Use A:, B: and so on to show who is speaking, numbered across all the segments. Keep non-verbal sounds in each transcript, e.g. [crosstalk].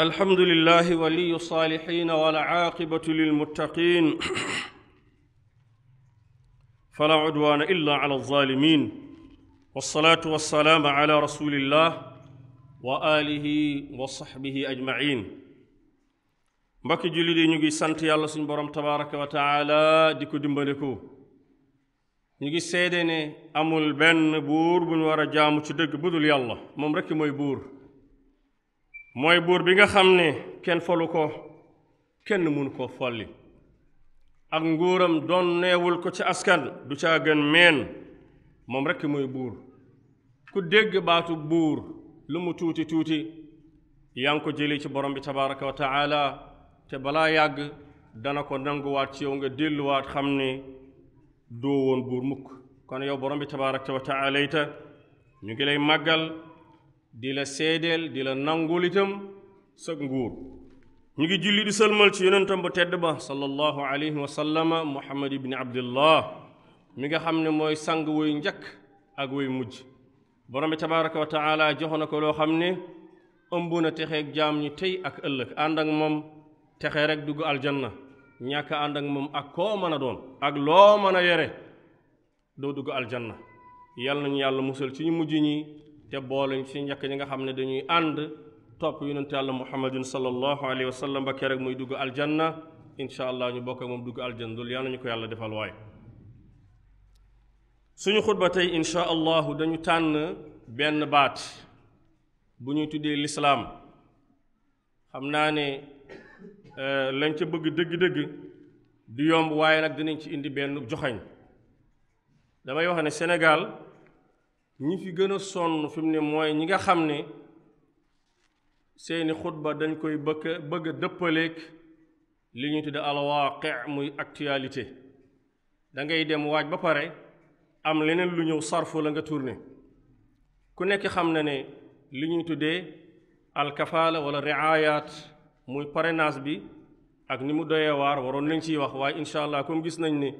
A: الحمد لله ولي الصالحين والعاقبة للمتقين فلا عدوان إلا على الظالمين والصلاة والسلام على رسول الله وآله وصحبه أجمعين mbokki jullit yi ñu ngi sant yàlla suñu borom tabaraka wa taala di ko dimbandiku ñu ngi seede ne amul benn buur bu ñu war a jaamu ci dëgg budul yàlla moom rekk buur mooy buur bi nga xam ne kenn folu ko kenn mënu koo folli ak nguuram doon neewul ko ci askan du caa gën meen moom rekk mooy buur ku dégg baatu buur lu mu tuuti tuuti yaa ngi ko jëlee ci borom bi tabaraka wa taala te balaa yàgg dana ko nanguwaat ci yow nga delluwaat xam ne doo woon buur mukk kon yow borom bi tabaraka wa taala ta ñu ngi lay màggal di la seedeel di la nangul itam sa nguur ñu ngi julli di sëlmal ci yonentam bu tedd ba sallallahu alayhi wa sallama muhammad ibni abdillah mi nga xam ne mooy sang wuy njëkk ak wuy mujj borom bi tabaraka wa taala jox na ko loo xam ne ëmb na texeeg jaam ñi tey ak ëllëg ànd ak moom texe rek dugg aljanna ñàkk ànd ak moom ak koo mën a doon ak loo mën a yore doo dugg aljanna yàlla nañu yàlla musal ci ñu mujj ñi te booluñ ci njëkk ñi nga xam ne dañuy ànd topp yu yonent yàlla muhammadin sallallahu alayhi wa sallam ba keroog muy dugg aljanna incha allah ñu bokk moom dugg aljanna loolu yàlla ñu ko yàlla defal waay suñu xutba tey incha allahu dañu tànn benn baat bu ñuy tuddee lislaam xam naa ne euh, lañ ca bëgg dëgg-dëgg du yomb waaye nag dinañ ci indi benn joxañ damay wax ne Sénégal ñi fi gën a sonn fi ne mooy ñi nga xam ne seeni xutba dañ koy bëgg bëgg a li ñu tudd alwaaqi muy actualité da ngay dem waaj ba pare am leneen lu ñëw sarfu la nga tourné ku nekk xam na ne li ñuy tuddee alkafaala wala riaayat muy parrainage bi ak ni mu doyee waar waroon nañ ciy wax waaye incha allah comme gis nañ ne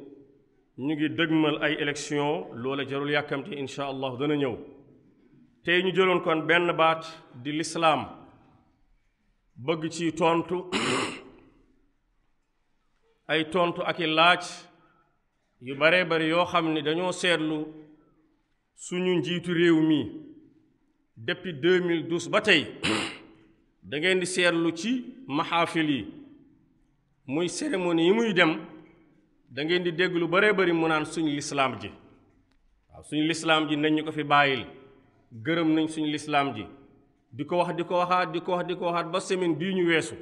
A: ñu ngi dëgmal ay élection loola jarul yàkkamte incha allah dana ñëw tey ñu jëloon kon benn baat di lislaam bëgg ci tontu ay tontu ak i laaj yu baree bari yoo xam ni dañoo seetlu suñu njiitu réew mi depuis 2012 ba tey da ngeen di seetlu ci maxaafil yi muy cérémonie yi muy dem da ngeen di dégg lu bëree bëri mu naan suñu lislaam ji waaw suñu lislaam ji nañ ñu ko fi bàyyil gërëm nañ suñu lislaam ji di ko wax di ko waxaat di ko wax di ko waxaat ba semaine bii ñu weesu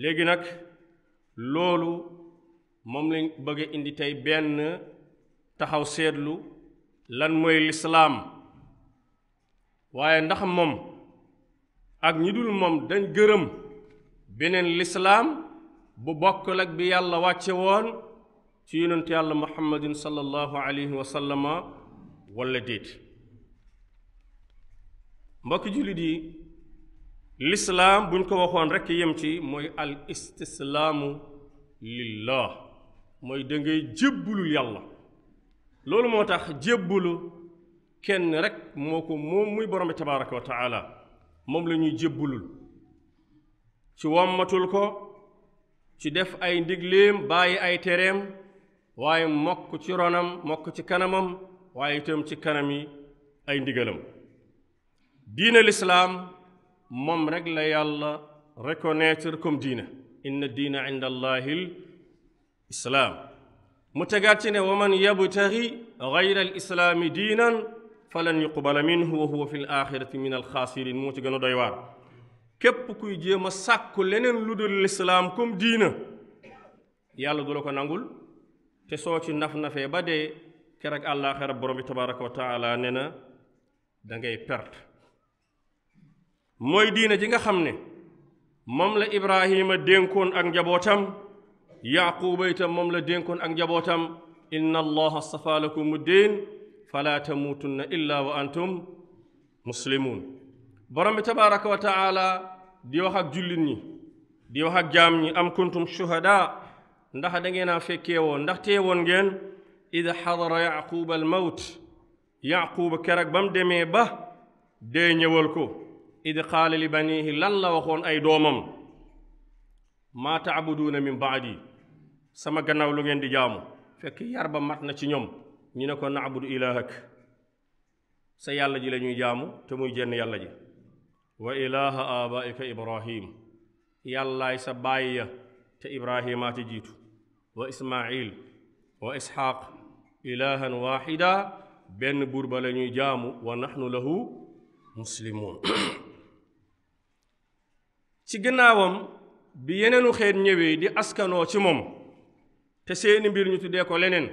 A: léegi nag loolu moom lañ bëgg indi tey benn taxaw seetlu lan mooy lislaam waaye ndax moom ak ñi dul moom dañ gërëm beneen lislaam bu bokk ak bi yàlla wàcce woon ci yonent yàlla muhammadin sallallahu alayhi wa sallama walla déet mbokki jullit yi lislaam buñ ko waxoon rekk yem ci mooy al istislaamu lillah mooy da ngay jébbulul yàlla loolu moo tax jébbulu kenn rekk moo ko moom muy borom bi wa taala moom lañuy ñuy jébbulul ci wommatul ko ci def ay ndigleem bàyyi ay tereem waaye mokk ci ronam mokk ci kanamam waaye itam ci kanam yi ay ndigalam diine lislaam moom rek la yàlla reconnaître comme diine inna diina inda allahi l islaam mu tegaat ci ne wa man yabtaxi gayra al islaami diinan falan yuqbala minhu wa huwa fi l axirati min alxaasirin moo ci gën a doy waar képp kuy jéem a sàkku leneen lu dul lislaam comme diina yàlla du la ko nangul te soo ci naf-nafee ba dee keroog àllaaxira borom bi tabaraka wa taala ne na da ngay mooy diina ji nga xam ne moom la ibrahima dénkoon ak njabootam yaquuba itam moom la dénkoon ak njabootam inna allaha stafa lakum diin fala tamuutunna illa wa antum muslimun borom bi tabaraka wa taala di wax ak jullit ñi di wax ak jaam ñi am kuntum shuhadaa ndax da ngeen a fekkee woon ndax tee ngeen id xadara yaquba mawt yaquba keroog ba mu demee ba dee ñëwal ko id qaala li lan la waxoon ay doomam maa taabuduuna min yi sama gannaaw lu ngeen di jaamu fekk yar ba mat na ci ñoom ñu ne ko naabudu ilahak sa yàlla ji la ñuy jaamu te muy jenn yàlla ji wa ilaaha aabaika ibrahim yàllaay sa baay ya te ibrahimaa ci jiitu wa ismail wa isxaaq ilaahan waaxida benn buur ba la ñuy jaamu wa naxnu lahu muslimuun [clears throat] ci gannaawam bi yeneenu xeet ñëwee di askanoo ci moom te seeni mbir ñu tuddee ko leneen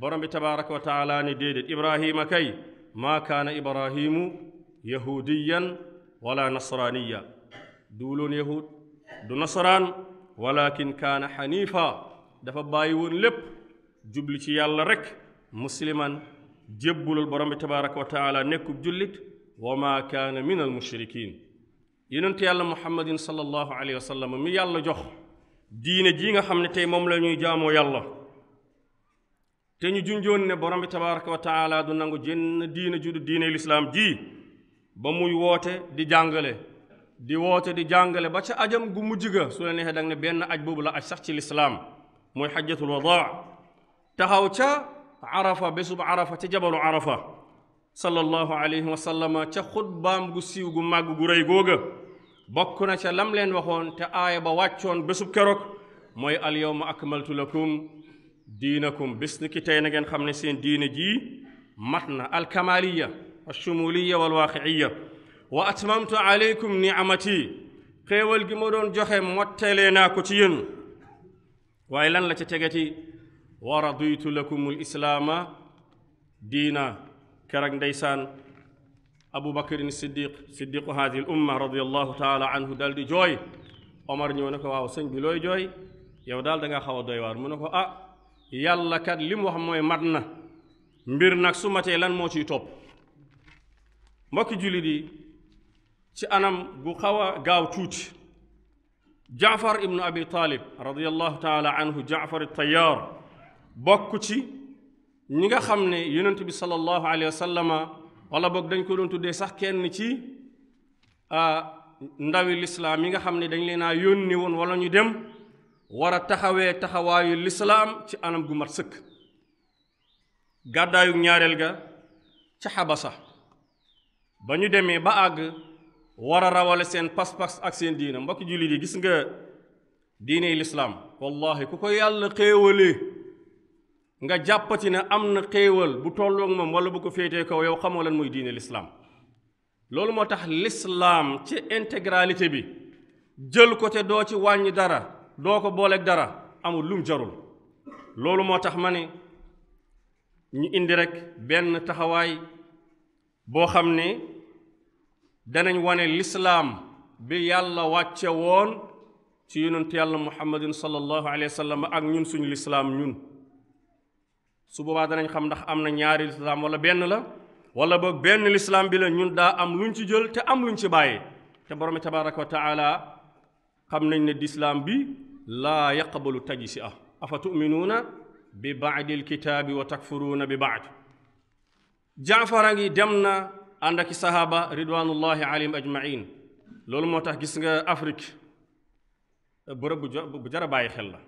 A: borom bi tabaaraka wa taala ne déedéet ibrahima kay maa kaana ibrahimu yahudiyan wala nasraniya duwuloon yahud du nasaraan walakin kaana xaniifa dafa bàyyi woon lépp jubli ci yàlla rekk musliman jébbulul ba bi tabaraka wa taala nekkub jullit wa maa kaana min al mushrikin yonent yàlla muhammadin sallallahu alayhi wa sallam mi yàlla jox diine jii nga xam ne tey moom la ñuy jaamoo yàlla te ñu junjoon ne borom bi tabaraka wa taala du nangu jenn diine ju du diine lislaam ji ba muy woote di jàngale di woote di jàngale ba ca ajam gu mujj ga su la neexee danga ne benn aj boobu la aj sax ci lislaam mooy xajjatul wadaa taxaw ca arafa bésub arafa ca jabalu arafa sallallahu alayhi wa sallama ca xutbaam gu siiw gu màgg gu rëy googa bokk na ca lam leen waxoon te aaya ba wàccoon bésub keroog mooy al yawma akmaltu lakum diinakum bis ni ki tey na xam ne seen diine ji mat na alkamaaliya alshumuliya walwaaqiiya wa atmamtu aleykum niamati xéewal gi moo doon joxe mottalee naa ko ci yéen waaye lan la ca tegati wa raditu lakum lislaama diina kerak ndeysaan abu bakrin siddiq siddiqu haadihi l umma radiallahu taala anhu dal di jooy omar ñëw ne ko waaw sëñ bi jooy yow daal nga xaw a doy waar mu ne ko ah yàlla kat li mu wax mooy mat na mbir nag su matee lan moo ciy topp mbokki jullit yi ci anam gu xaw a gaaw tuuti jaafar ibnu abi taalib radiallahu taala anhu jaafar tayaar bokk ci ñi nga xam ne yonent bi salallahu alayhi wa wala boog dañ ko doon tuddee sax kenn ci ndawi lislaam yi nga xam ni dañ leen a yónni woon wala ñu dem war a taxawee taxawaayu lislaam ci anam gu mat sëkk gàddaayu ñaareel ga ca xabasa ba ñu demee ba àgg war a rawale seen pas-pas ak seen diina mbokki jullit yi gis nga diine lislaam wallahi ku ko yàlla xéewale nga jàppati ne am na xéewal bu tolloog moom wala bu ko féetee kaw yow xamoo lan muy diine lislaam loolu moo tax lislaam ci intégralité bi jël ko te doo ci wàññi dara doo ko booleeg dara amul lum jarul loolu moo tax ma ne ñu indi rekk benn taxawaay boo xam ne danañ wane lislaam bi yàlla wàcce woon ci yonent yàlla muhammadin sallallahu alayhi wa sallam ak ñun suñu lislaam ñun su boobaa danañ xam ndax am na ñaari lislaam wala benn la wala boog benn lislaam bi la ñun daa am luñ ci jël te am luñ ci bàyyi te boroom tabaraka wa taala xam nañ ne lislaam bi laa yaqbalu tajsi'a afa tu'minuuna bi ba'dil kitaabi wa takfuruuna bi ba'd jaafara ngi dem na ànd ak sahaaba ridwanullahi alayhim ajmain loolu moo tax gis nga Afrique bërëb bu jar a bàyyi xel la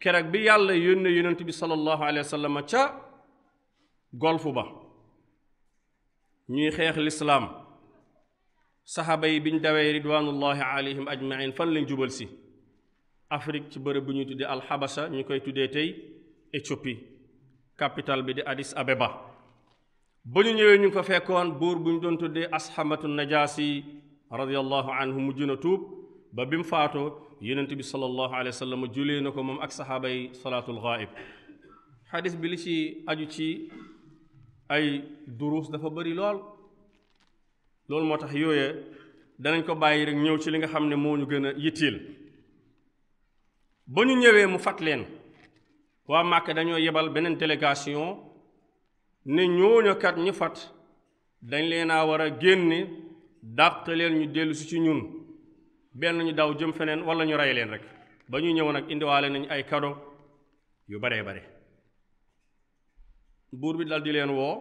A: keroog bi yàlla yónne yonent bi sallallahu alayhi wa ca golfu ba ñuy xeex lislaam saxaaba yi ñu dawee ridwanullahi alayhim ajmain fan lañ jubal si Afrique ci bërëb bu ñuy tuddee alxabasa ñu koy tuddee tey Éthiopie capitale bi di Addis Abeba ba ñu ñëwee ñu ngi fa fekkoon buur bu ñu doon tuddee asxamatu najaasi radiyallahu anhu mujj na tuub ba bi mu faatoo yonent bi sallallahu alayhi wa sallam julee na ko moom ak saxaaba yi salaatul ghaib bi li ci aju ci ay duruus dafa bari lool loolu moo tax yooyee danañ ko bàyyi rek ñëw ci li nga xam ne moo ñu gën a yittil ba ñu ñëwee mu fat leen waa Màkka dañoo yebal beneen délégation ne ñooñu kat ñi fat dañ leen a war a génne dàq leen ñu dellu si ci ñun benn ñu daw jëm feneen wala ñu rey leen rekk ba ñuy ñëw nag indiwaale nañu ay kado yu baree bare buur bi dal di leen woo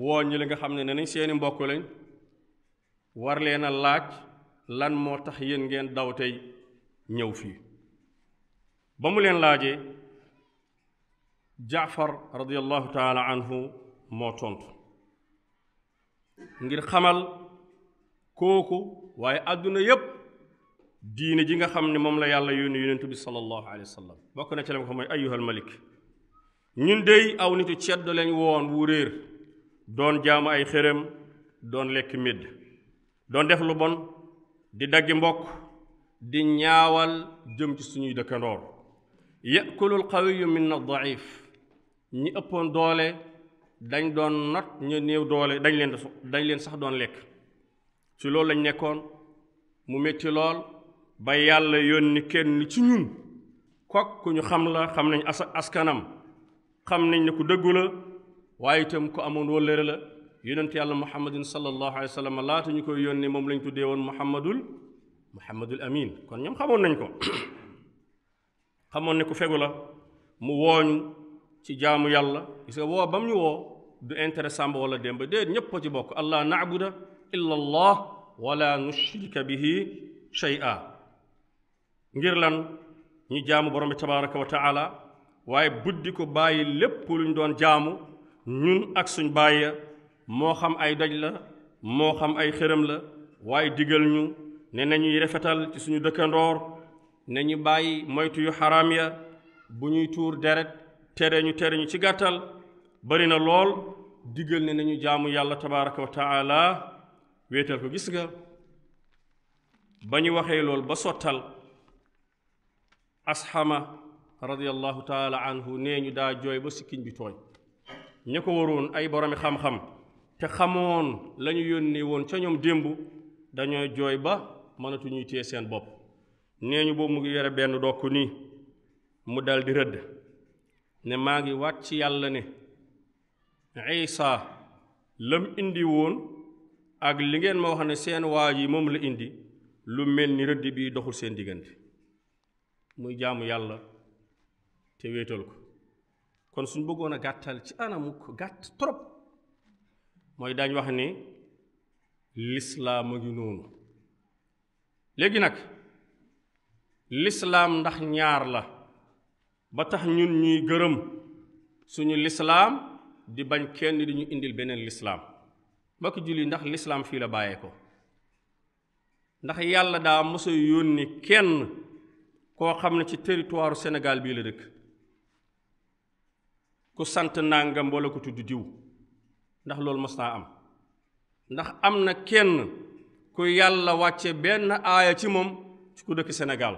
A: woo ñi li nga xam ne ne nañ seeni mbokk lañ war leen a laaj lan moo tax yéen ngeen daw tey ñëw fii ba mu leen laajee jaafar radiallahu taala anhu moo tontu ngir xamal kooku waaye àdduna yépp diine ji nga xam ne moom la yàlla yónni yonentu bi sallallahu alayhi wa bokk na ci lam ko mooy ayyuhal malik ñun dey aw nitu ceddo lañ woon wu réer doon jaamu ay xërëm doon lekk médd doon def lu bon di daggi mbokk di ñaawal jëm ci suñuy dëkkandoor yakulul qawiyu min ad-da'if ñi ëppoon doole dañ doon not ñu néew doole dañ leen da dañ leen sax doon lekk ci loolu lañ nekkoon mu metti lool ba yàlla yónni kenn ci ñun kok ku ñu xam la xam nañ as askanam xam nañ ne ku dëggu la waaye itam ku amoon wëllëre la yonent yàlla muhammadin sallallahu alayhi wa sallam laata ñu koy yónni moom lañ tuddee woon muhammadul muhammadul amin kon ñoom xamoon nañ ko [coughs] xamoon ne ku fegu la mu wooñu ci jaamu yàlla gis nga woo bam ñu woo du intérêt sàmba wala démba déet ñépp ci bokk allah naabuda illa allah wala nushrika bihi shay'a ngir lan ñu jaamu borom bi tabaraka wa taala waaye buddi ko bàyyi lépp lu ñu doon jaamu ñun ak suñ bàyya moo xam ay doj la moo xam ay xërëm la waaye digal ñu ne nañuy rafetal ci suñu dëkkandoor ne ñu bàyyi moytu yu xaraam ya bu ñuy tuur deret tere ñu tere ñu ci gàttal bari na lool diggal ne nañu jaamu yàlla tabaraka wa taala wéetal ko gis nga ba ñu waxee lool ba sottal asxama radiallahu taala anhu nee ñu daa jooy ba sikkiñ bi tooy ña ko waroon ay boromi xam-xam te xamoon lañu ñu yónnee woon ca ñoom démb dañoo jooy ba mënatuñuy téye seen bopp nee ñu boobu mu ngi yore benn dokk nii mu daldi rëdd ne maa ngi waat ci yàlla ne isa lam indi woon ak li ngeen ma wax ne seen waa yi moom la indi lu mel ni rëdd bii doxul seen diggante muy jàmm yàlla te wéetal ko kon suñ bëggoon a gàttal ci anamu ko gàtt trop mooy daañ wax ni lislaam a ngi noonu léegi nag lislaam ndax ñaar la ba tax ñun ñuy gërëm suñu lislaam di bañ kenn di ñu indil beneen lislaam mbokk julli ndax lislaam fii la bàyyee ko ndax yàlla daa mos a yónni kenn koo xam ne ci territoire senegaal bii la dëkk ku sant nangam wala ko tudd diw ndax loolu mos naa am ndax am na kenn ku yàlla wàcce benn aaya ci moom ci ku dëkk Sénégal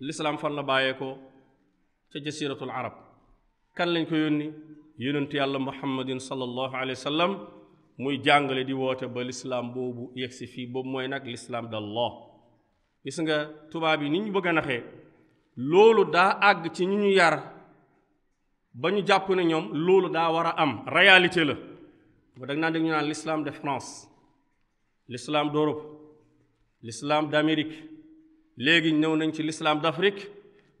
A: lislaam fan la ko ca jasiratul arab kan lañ ko yónni yonent yàlla muhammadin sallallahu alayhi wa sallam muy jàngale di woote ba lislaam boobu yegsi fii boobu mooy nag lislaam d'Allah gis nga tubaab yi ni ñu bëgg a naxee loolu daa àgg ci ñu ñu yar ba ñu jàpp ne ñoom loolu daa war a am réalité la ba dag naa dégg ñu naan l'islam de France l'islam d'Europe l'islam d'Amérique léegi ñëw nañ ci l'islam d'Afrique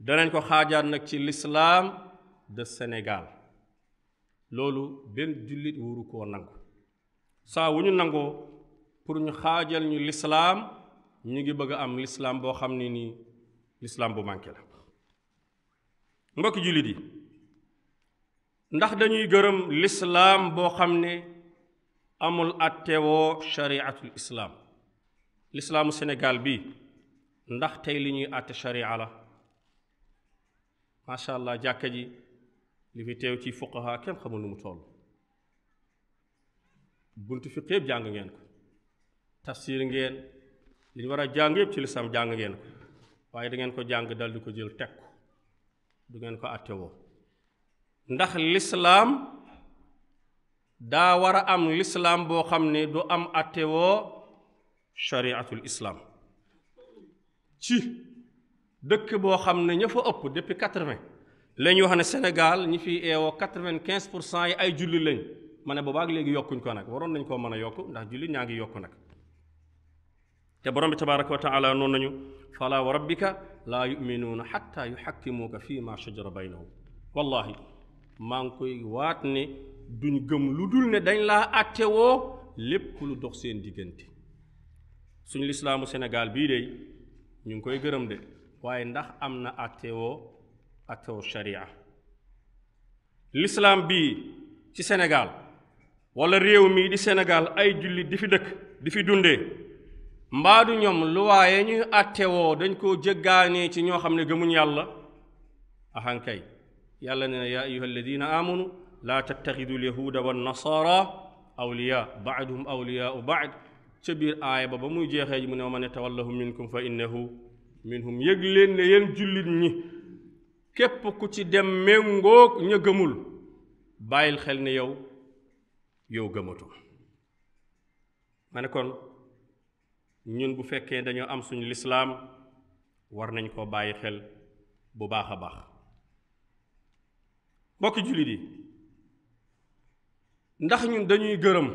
A: danañ ko xaajaat nag ci lislaam de senegaal loolu benn jullit wóoru koo nangu saa wu ñu nangoo pour ñu xaajal ñu lislaam ñu ngi bëgg a am lislaam boo xam ne nii l'islam bu manqué la mbokki jullit yi ndax dañuy gërëm lislaam boo xam ne amul attewoo chariatul islam l'islaamu senegaal bii ndax tey li ñuy àtte sharia la macha allah jàkka ji li fi teew ci fuqaha kenn xamul nu mu toll buntu fiq yëpp jàng ngeen ko tafsir ngeen li ñu war a jàng yëpp ci lislam jàng ngeen ko waaye da ngeen ko jàng dal di ko jël teg ko du ngeen ko àtte woo ndax lislaam daa war a am lislaam boo xam ne du am àtte woo shariatul islaam ci dëkk boo xam ne ña fa ëpp depuis quatre-vingt la ñu wax ne Sénégal ñi fi eewoo quatre-vingt-quinze pour cent yi ay julli lañ ma ne ak léegi yokkuñ ko nag waroon nañ ko mën a yokk ndax julli ñaa ngi yokku nag te borom bi tabaraka wa taala noonu nañu fala wa rabbika laa yuminuuna xatta yuxakkimuuka fii ma shajara baynahum wallahi maa ngi koy waat ne duñ gëm lu dul ne dañ laa àtte woo lépp lu dox seen diggante suñu lislaamu Sénégal bii de ñu ngi koy gërëm de waaye ndax am na attewoo attewoo sharia lislaam bii ci Sénégal wala réew mii di senegaal ay jullit di fi dëkk di fi dundee mbaadu ñoom lu waaye ñuy attewoo dañ koo jëggaanee ci ñoo xam ne gëmuñ yàlla ahankay yàlla ne na yaa ayuha alladina amanu laa tattaxidu alyahuuda wa nasara awliya baaduhum awliyaau baad ca biir aaya ba ba muy jeexee ji mu ne ma ne tawallahu minkum fa innahu minhum yëg leen ne yéen jullit ñi képp ku ci dem méngoog ña gëmul bàyyil xel ni yow yow gëmatu ma ne kon ñun bu fekkee dañoo am suñu lislaam war nañ koo bàyyi xel bu baax a baax mbokki jullit yi ndax ñun dañuy gërëm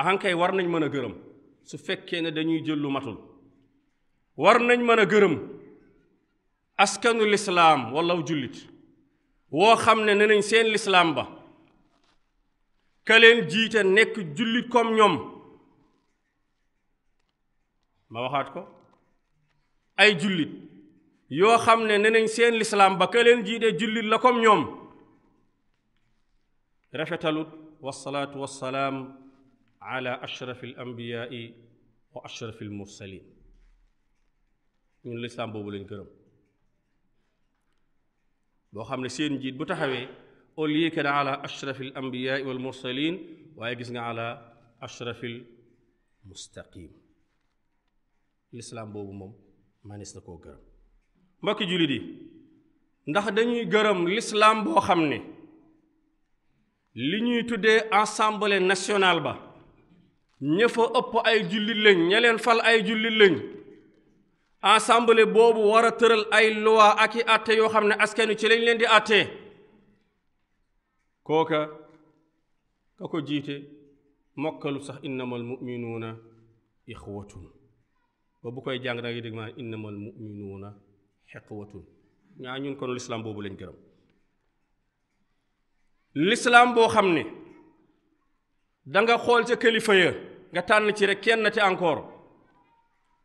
A: ahankay war nañ mën a gërëm su fekkee ne dañuy jël lu matul war nañ mën a gërëm askanu lislaam wallaw jullit woo xam ne ne nañ seen lislaam ba ka leen jiite nekk jullit comme ñoom ma waxaat ko ay jullit yoo xam ne ne nañ seen lislaam ba ka leen jiite jullit la comme ñoom rafetalut wasalaatu wasalaam ala ashraf al anbiyaai wa ashraf al lañ gërëm xam ne seen njiit bu taxawee au lieu que na ala ashraf al waaye gis nga ala ashraf al mustaqim lislaam boobu moom manis na koo gërëm mbokki jullit yi ndax dañuy gërëm lislaam boo xam ne li ñuy tuddee assemblée national ba ña fa ëpp ay jullit lañ ña leen fal ay jullit lañ assemblée boobu war a tëral ay loi ak i àtte yoo xam ne askanu ci lañ leen di àtte kooka ka ko jiite mokkalu sax innamal muminuuna ixwatun ba bu koy jàng da ngay dégg maa innamal muminuuna xiqwatun ñaa ñun kon lislaam boobu lañ gërëm lislaam boo xam ne danga xool ca kilifa ya nga tànn ci rek kenn te encore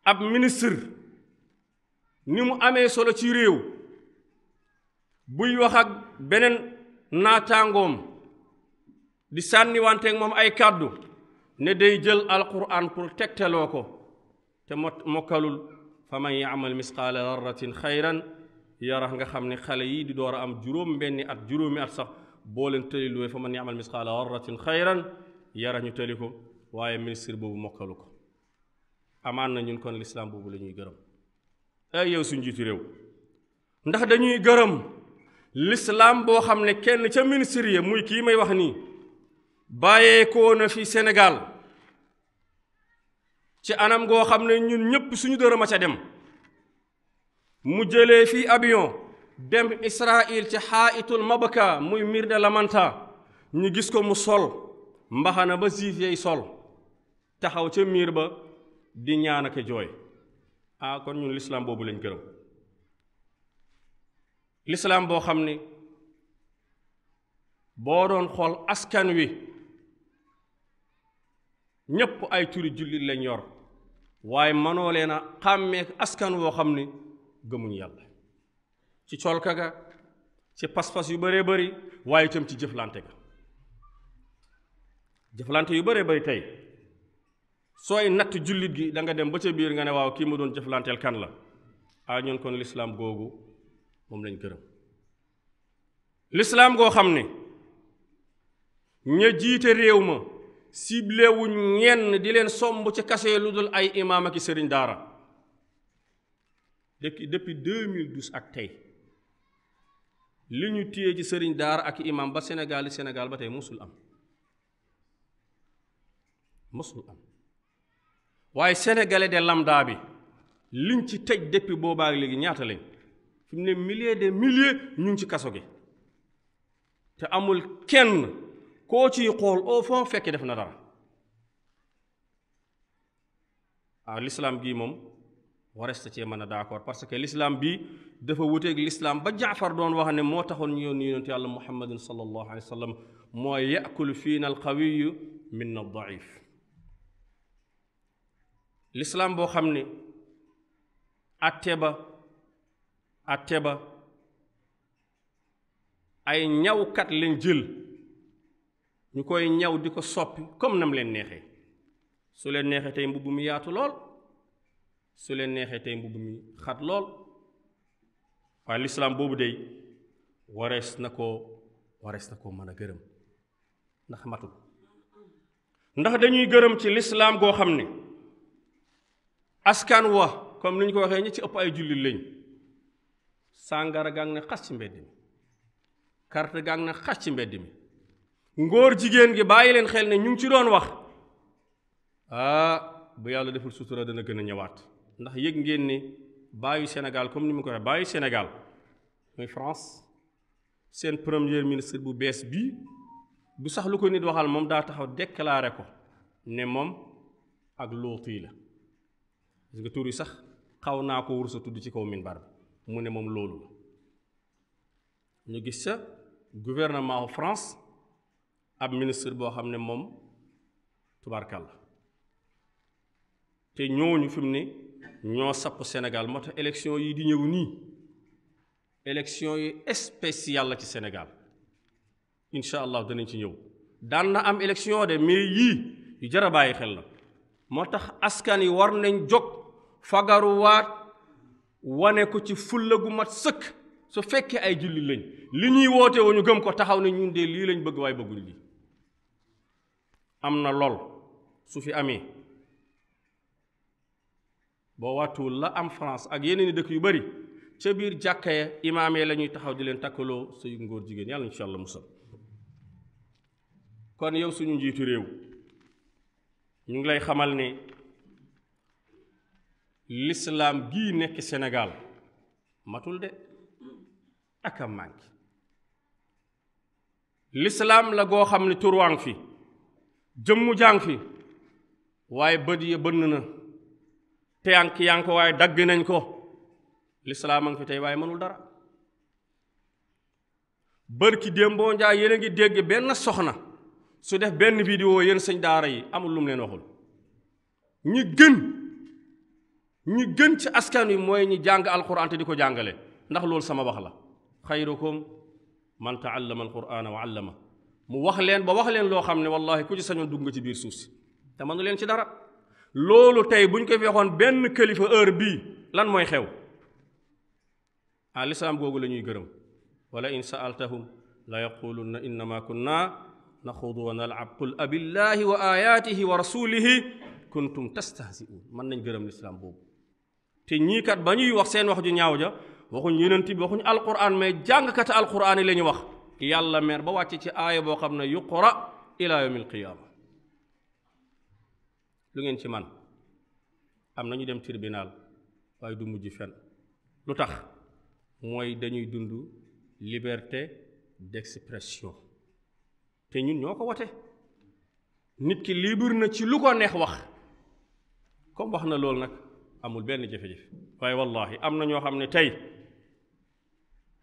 A: ab ministre ni mu amee solo ci réew buy wax ak beneen naataangoom di sànniwanteeg moom ay kàddu ne day jël alquran pour tegtaloo ko te mot mokkalul fa man yaamal misqaala darratin xayran yara nga xam ne xale yi di door a am juróom mbenni at juróomi at sax boo leen tëli luwe fa man amal misqaala darratin xayran yara ñu tëli ko waaye ministre boobu mokkalu ko amaan na ñun kon lislaam boobu la ñuy gërëm ay yow suñ jiitu réew ndax dañuy gërëm lislaam boo xam ne kenn ca ministre ya muy kii may wax nii bàyyeekoo na fi Sénégal ci anam goo xam ne ñun ñépp suñu dërëm a ca dem mu jëlee fii avion dem Israël ci xaayitul mabaka muy mir de lamanta ñu gis ko mu sol mbaxana ba juif yay sol taxaw ca miir ba di ñaan ak jooy ah kon ñun lislaam boobu lañ gërëm lislaam boo xam ni boo doon xool askan wi ñépp ay turi jullit lañ yor waaye mënoo leen a xàmmee askan woo xam ni gëmuñ yàlla ci colka ga ci pas yu bare bari waaye itam ci jëflante ga jëflante yu bare bari tey sooy natt jullit gi da nga dem ba ca biir nga ne waaw kii ma doon jëflanteel kan la ah ñun kon lislaam googu moom lañ gërëm lislaam goo xam ne ña jiite réew ma siblewuñ ñenn di leen somb ci kase lu dul ay imaam ak sëriñ daara depuis depuis 2012 ak tey li ñu téye ci sëriñ daara ak imaam ba Sénégal Sénégal ba tey mosul am mosul am waaye sénégalais de lambda bi liñ ci tëj depuis boobaak léegi ñaata lañ fi mu ne millier de milliers ñu ngi ci kaso gi te amul kenn koo ciy xool au fond fekke def na dara ah l'islam bii moom waresta cee man a d'accord parce que l'islam bi dafa wuteeg l'islam ba jaafar doon wax ne moo taxoon ñu yónni yonente yàlla muhammadin moo alayhi wa sallam mooy yakulu fiina alqawiyu min na daif lislaam boo xam ne atte ba atte ba ay ñawkat leen jël ñu koy ñaw di ko soppi comme nam leen neexee su leen neexee tey mbubb mi yaatu lool su leen neexee tey mbubb mi xat lool waaye lislaam boobu day warees na ko warees na koo mën a gërëm ndax matul ndax dañuy gërëm ci lislaam goo xam ne askan wa comme ni ñu ko waxee ñi ci ëpp ay jullit lañ sàngara gaa ngi ne xas ci mbedd mi carte gaa ngi ne xas ci mbedd mi ngóor jigéen gi bàyyi leen xel ne ñu ngi ci doon wax ah bu yàlla deful sutura dana gën a ñëwaat ndax yëg ngeen ni bàyyi Sénégal comme ni mu ko waxee bàyyi Sénégal muy France seen premier ministre bu bees bii bu sax lu ko nit waxal moom daa taxaw déclaré ko ne moom ak lootii la parce que tur yi sax xaw naa ko wursa tudd ci kaw minbar bi mu ne moom loolu ñu gis ca gouvernement France ab ministre boo xam ne moom tubaarkàlla te ñooñu fi mu ne ñoo sapp Sénégal moo tax élection yi di ñëw nii élection yi spéciale la ci Sénégal incha allah danañ ci ñëw daan na am élection de mais yii yu jar a bàyyi xel la moo tax askan yi war nañ jóg fagaruwaat wane ko ci fulla gu mat sëkk su fekkee ay julli lañ li ñuy woote woo gëm ko taxaw ne ñun de lii lañ bëgg waaye bëgguñ lii am na lool su fi amee boo wàttuwul la am France ak yeneen i dëkk yu bari ca biir jàkka ya imaam lañuy taxaw di leen takkaloo sëy ngóor jigéen yàlla insha allah musal kon yow suñu njiitu réew ñu ngi lay xamal ne lislaam gi nekk senegaal matul de ak a manqué lislaam la goo xam ne turwaan fi jëmmu jàng fi waaye bët yi bënn na tànk yaa ngi waaye dagg nañ ko lislaam a ngi fi tey waaye mënul dara bër ki démboo njaay yéen a ngi dégg benn soxna su def benn vidéo yéen sëñ daara yi amul lum leen waxul ñi gën ñu gën ci askan wi mooy ñu jàng alquran te di ko jàngale ndax loolu sama wax la xayrukum man taallama alqurana wa allama mu wax leen ba wax leen loo xam ne wallahi ku ci sañoon dugg nga ci biir suuf si te mënu leen ci dara loolu tey buñ ko fi waxoon benn kilifa heure bii lan mooy xew ah boobu googu la ñuy gërëm wala in saaltahum la yaqulunna innama kunna naxudu wa nalab qul abillahi wa ayatihi wa rasulihi kuntum tastahziun mën nañ gërëm lislaam boobu te ñii ba ñuy wax seen wax ju ñaaw ja waxuñ yonent bi waxuñ alquran mais jàngkat alquran yi la ñu wax yàlla mer ba wàcc ci aaya boo xam ne yuqra ila yawmil qiyaama lu ngeen ci man am na ñu dem tribunal waaye du mujj fen lu tax mooy dañuy dund liberté d'expression te ñun ñoo ko wote nit ki libre na ci lu ko neex wax comme wax na loolu nag amul benn jafe-jafe waaye wallahi am na ñoo xam ne tey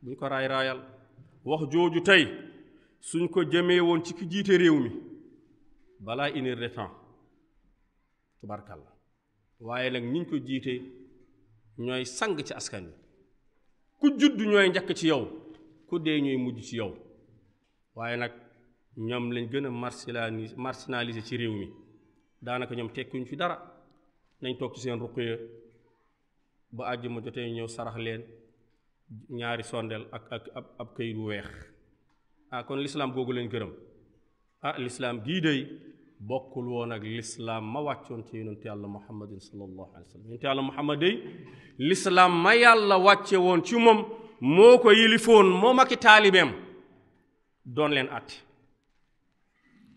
A: buñ ko raay raayal wax jooju tey suñ ko jëmee woon ci ki jiite réew mi balaa une heure barkal temps waaye nag niñ ko jiite ñooy sang ci askan wi ku judd ñooy njëkk ci yow ku dee ñooy mujj ci yow waaye nag ñoom lañ gën a marginaliser marginaliser ci réew mi daanaka ñoom tekkuñ fi dara nañ toog ci seen ruq ya ba àjjuma jotee ñëw sarax leen ñaari sondeel ak ak ab ab këyit weex ah kon lislaam googu leen gërëm ah lislaam gii dey bokkul woon ak lislaam ma wàccoon ci yonent yàlla muhammadin sallallahu alayhi muhammad dey lislaam ma yàlla wàcce woon ci moom moo ko yilifoon moom ak i taalibeem doon leen at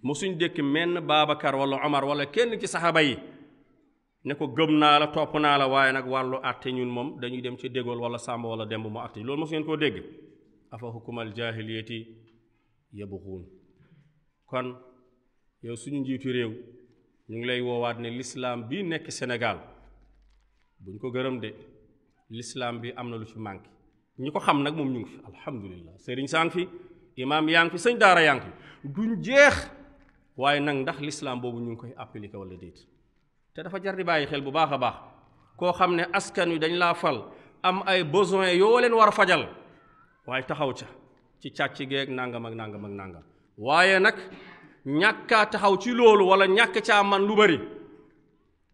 A: mosuñ dëkk menn Babacar wala Omar wala kenn ci saxaaba yi ne ko gëm naa la topp naa la waaye nag wàllu àtte ñun moom dañuy dem ci dégool wala sàmba wala demb mu àtte loolu mos ngeen koo dégg afa xukumal jaahiliyati yabxuun kon yow suñu njiitu réew ñu ngi lay woowaat ne lislaam bi nekk Sénégal buñ ko gërëm de lislaam bi am na lu ci manqué ñi ko xam nag moom ñu ngi fi alhamdulilah sëriñ saa fi imaam yaa fi sëñ daara yaa ngi fi duñ jeex waaye nag ndax lislaam boobu ñu ngi koy appliqué wala déet te dafa jar di bàyyi xel bu baax a baax koo xam ne askan wi dañ laa fal am ay besoin yoo leen war a fajal waaye taxaw ca ci càcc geeg nangam ak nàngam ak nangam waaye nag ñàkkaa taxaw ci loolu wala ñàkk caa man lu bari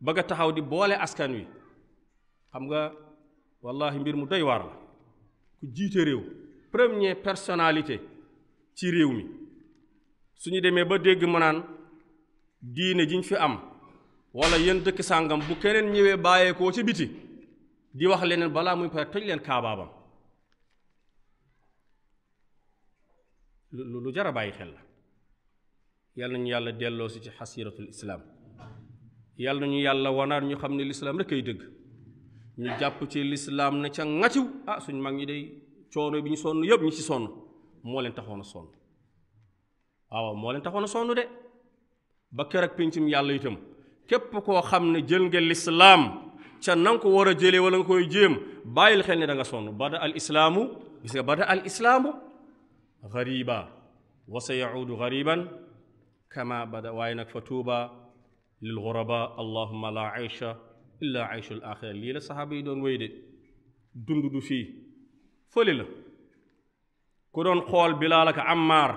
A: bëgg a taxaw di boole askan wi xam nga wallahi mbir mu doy waar la ku jiite réew premier personnalité ci réew mi su ñu demee ba dégg mu diine ji ñu fi am wala yéen dëkk sàngam bu keneen ñëwee bàyyeekoo ci biti di wax leneen balaa muy pare toj leen kaabaabam lu jar a bàyyi xel la yàlla nañu yàlla delloosi si ci xasiratul islaam yàlla nañu yàlla wanaat ñu xam ne lislaam rekk ay dëgg ñu jàpp ci lislaam na ca ŋaciw ah suñ mag ñi day coono bi ñu sonn yëpp ñu ci sonn moo leen taxoon a sonn waaw moo leen taxoon a sonn de ba keroog péncum yàlla itam képp koo xam ne jël nga lislaam ca na ko war a jëlee wala nga koy jéem bàyyil xel ne da nga sonn bada al islaamu gis nga bada al islaamu gariba wa sa yaudu kama bada waaye nag fa tuuba lil guraba allahumma la aysha illa ayshu l axira lii la saxaaba yi doon wéy de dund du fii fële la ku doon xool bilaal ak ammaar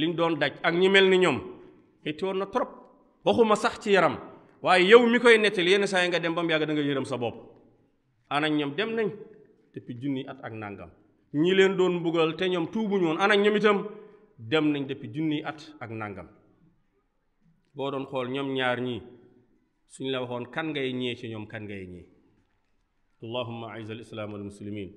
A: liñ doon daj ak ñi mel ni ñoom xetti woon na trop waxuma sax ci yaram waaye yow mi koy nettali yenn saa yi nga dem ba mu yàgg da nga sa bopp ana ñoom dem nañ depuis junni at ak nàngam ñi leen doon mbugal te ñoom tuubuñu woon ana ñoom itam dem nañ depuis junni at ak nàngam boo doon xool ñoom ñaar ñii suñ la waxoon kan ngay ñee ci ñoom kan ngay ñee allahuma aiz al islaam wal muslimin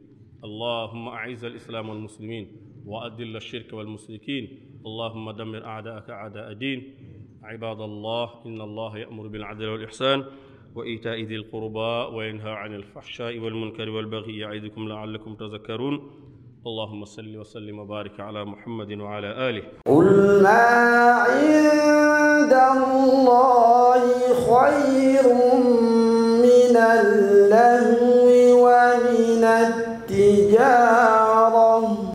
A: allahuma aiz al islaam wal muslimin wa adill al shirk wal mushrikin allahuma damir aadaaka aadaa diin عباد الله إن الله يأمر بالعدل والإحسان وإيتاء ذي القربى وينهى عن الفحشاء والمنكر والبغي يعظكم لعلكم تذكرون اللهم صل وسلم وبارك على محمد وعلى آله قل ما عند الله خير من اللهو